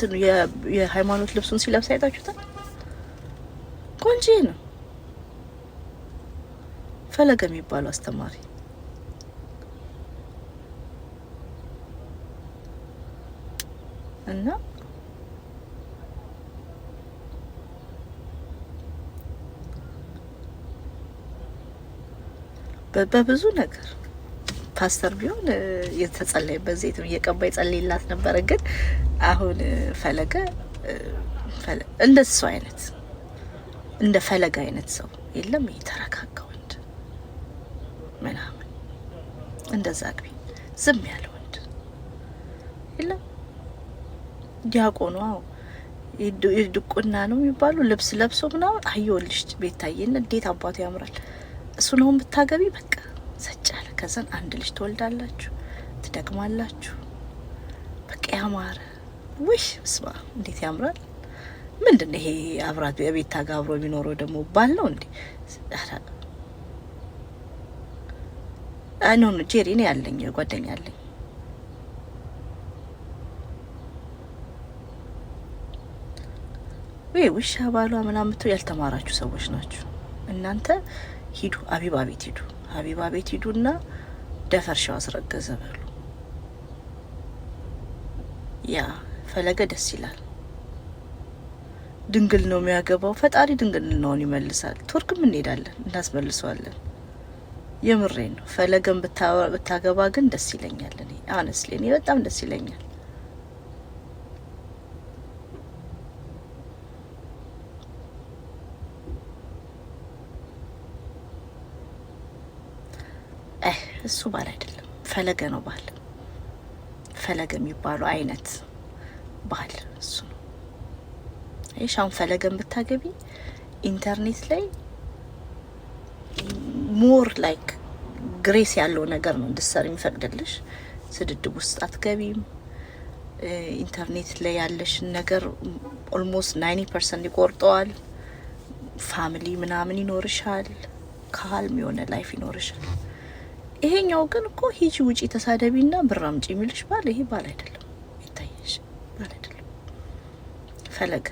እንትን የሃይማኖት ልብሱን ሲለብስ አይታችሁታል። ቆንጂ ነው ፈለገ የሚባለው አስተማሪ። እና በብዙ ነገር ፓስተር ቢሆን የተጸለይበት ዘይት እየቀባ የጸለይላት ነበረ። ግን አሁን ፈለገ ሰው አይነት እንደ ፈለገ አይነት ሰው የለም። ይሄ ወንድ ምናምን እንደዛ ግቢ ዝም ያለ ወንድ የለም። ዲያቆኗ ድቁና ነው የሚባሉ ልብስ ለብሶ ምናምን አየሁልሽ ቤታዬን፣ እንዴት አባቱ ያምራል። እሱን አሁን ብታገቢ በቃ ሰጨ ከዘን አንድ ልጅ ትወልዳላችሁ፣ ትደግማላችሁ። በቃ ያማረ ውሽ ስማ፣ እንዴት ያምራል! ምንድን ነው ይሄ? አብራት የቤት ታጋብሮ አብሮ የሚኖረው ደግሞ ባል ነው እንዴ? ኖ ኖ ጄሪ ነው ያለኝ ጓደኛ አለኝ። ወይ ውሻ ባሏ ምናምቶ ያልተማራችሁ ሰዎች ናችሁ እናንተ። ሂዱ አቢባ ቤት ሂዱ። ሀቢባ ቤት ሂዱና ደፈርሻው አስረገዘ በሉ። ያ ፈለገ ደስ ይላል። ድንግል ነው የሚያገባው። ፈጣሪ ድንግልናውን ይመልሳል። ቱርክም እንሄዳለን እናስመልሰዋለን። የምሬን ነው። ፈለገን ብታገባ ግን ደስ ይለኛል። እኔ አነስሌ እኔ በጣም ደስ ይለኛል። እሱ ባል አይደለም፣ ፈለገ ነው ባል። ፈለገ የሚባሉ አይነት ባል እሱ ነው። ይሽ አሁን ፈለገን ብታገቢ ኢንተርኔት ላይ ሞር ላይክ ግሬስ ያለው ነገር ነው እንድሰር የሚፈቅድልሽ። ስድድብ ውስጥ አትገቢም። ኢንተርኔት ላይ ያለሽን ነገር ኦልሞስት ናይኒ ፐርሰንት ይቆርጠዋል። ፋሚሊ ምናምን ይኖርሻል። ካልም የሆነ ላይፍ ይኖርሻል። ይሄኛው ግን እኮ ሂጂ ውጪ ተሳደቢና ብር አምጪ የሚልሽ ባል ይሄ ባል አይደለም። ይታየሽ ባል አይደለም። ፈለገ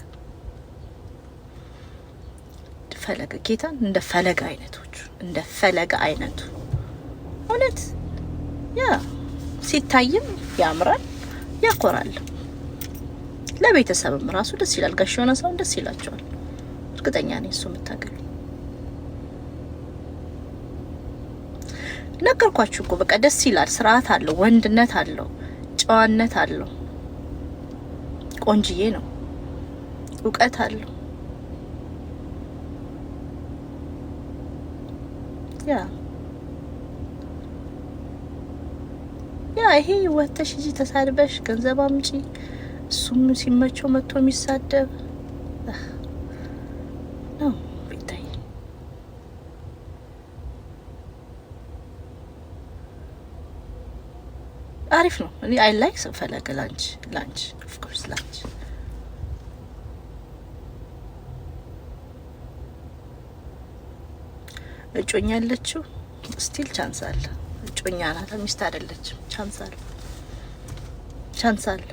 ፈለገ ጌታን እንደ ፈለገ አይነቶቹ እንደ ፈለገ አይነቱ እውነት ያ ሲታይም ያምራል፣ ያኮራል። ለቤተሰብም ራሱ ደስ ይላል። ጋሽ የሆነ ሰውን ደስ ይላቸዋል። እርግጠኛ ነኝ እሱ የምታገኙ ነገርኳችሁ እኮ በቃ ደስ ይላል። ስርዓት አለው፣ ወንድነት አለው፣ ጨዋነት አለው፣ ቆንጅዬ ነው፣ እውቀት አለው። ያ ያ ይሄ ወተሽ እጂ ተሳድበሽ ገንዘብ አምጪ እሱም ሲመቸው መጥቶ የሚሳደብ አሪፍ ነው። እኔ አይ ላይክ ሰው ፈለገ ላንች ኦፍ ኮርስ ላንች እጮኛ ያለችው ስቲል ቻንስ አለ። እጮኛ ናት፣ ሚስት አይደለችም። ቻንስ አለ፣ ቻንስ አለ።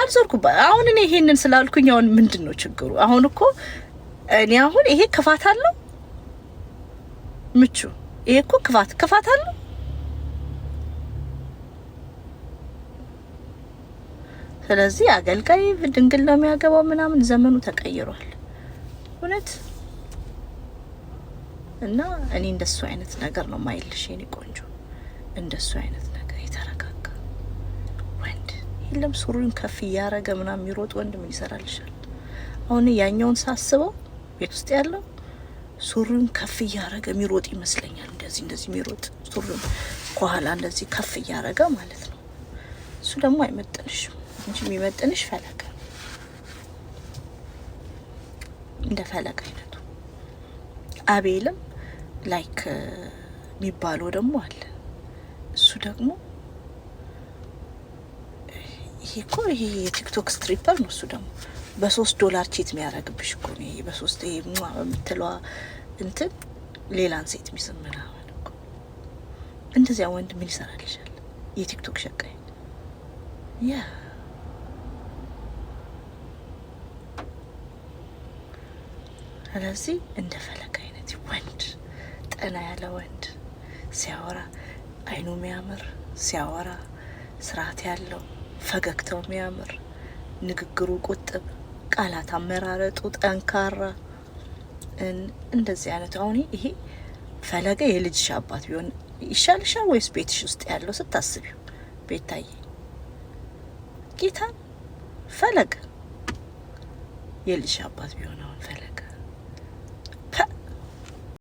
አልዞርኩባት። አሁን እኔ ይሄንን ስላልኩኝ አሁን ምንድን ነው ችግሩ? አሁን እኮ እኔ አሁን ይሄ ክፋት አለው ምቹ። ይሄ እኮ ክፋት ክፋት አለው ስለዚህ አገልጋይ ድንግል ነው የሚያገባው ምናምን ዘመኑ ተቀይሯል። እውነት እና እኔ እንደሱ አይነት ነገር ነው ማይልሽ የኔ ቆንጆ፣ እንደሱ አይነት ነገር የተረጋጋ ወንድ የለም። ሱሪውን ከፍ እያረገ ምናምን የሚሮጥ ወንድ ምን ይሰራልሻል? አሁን ያኛውን ሳስበው ቤት ውስጥ ያለው ሱሪውን ከፍ እያረገ የሚሮጥ ይመስለኛል። እንደዚህ እንደዚህ የሚሮጥ ሱሪውን ከኋላ እንደዚህ ከፍ እያረገ ማለት ነው። እሱ ደግሞ አይመጥንሽም። አንቺ የሚመጥንሽ ፈለገ እንደ ፈለገ አይነቱ አቤልም ላይክ የሚባለው ደግሞ አለ። እሱ ደግሞ ይሄ እኮ ይሄ የቲክቶክ ስትሪፐር ነው። እሱ ደግሞ በሶስት ዶላር ቼት የሚያደርግብሽ እኮ ነው። ይሄ በሶስት ይሄ የምትለዋ እንትን ሌላን ሴት የሚስም ምናምን እኮ እንደዚያ ወንድ ምን ይሰራልሻል? የቲክቶክ ሸቀይ ያ ስለዚህ እንደ ፈለገ አይነት ወንድ ጠና ያለ ወንድ ሲያወራ አይኑ የሚያምር ሲያወራ ስርዓት ያለው ፈገግታው የሚያምር ንግግሩ ቁጥብ፣ ቃላት አመራረጡ ጠንካራ እንደዚህ አይነቱ አሁን ይሄ ፈለገ የልጅሽ አባት ቢሆን ይሻልሻል ወይስ ቤትሽ ውስጥ ያለው ስታስቢው ቤታዬ ጌታ ፈለገ የልጅሽ አባት ቢሆን አሁን ፈለገ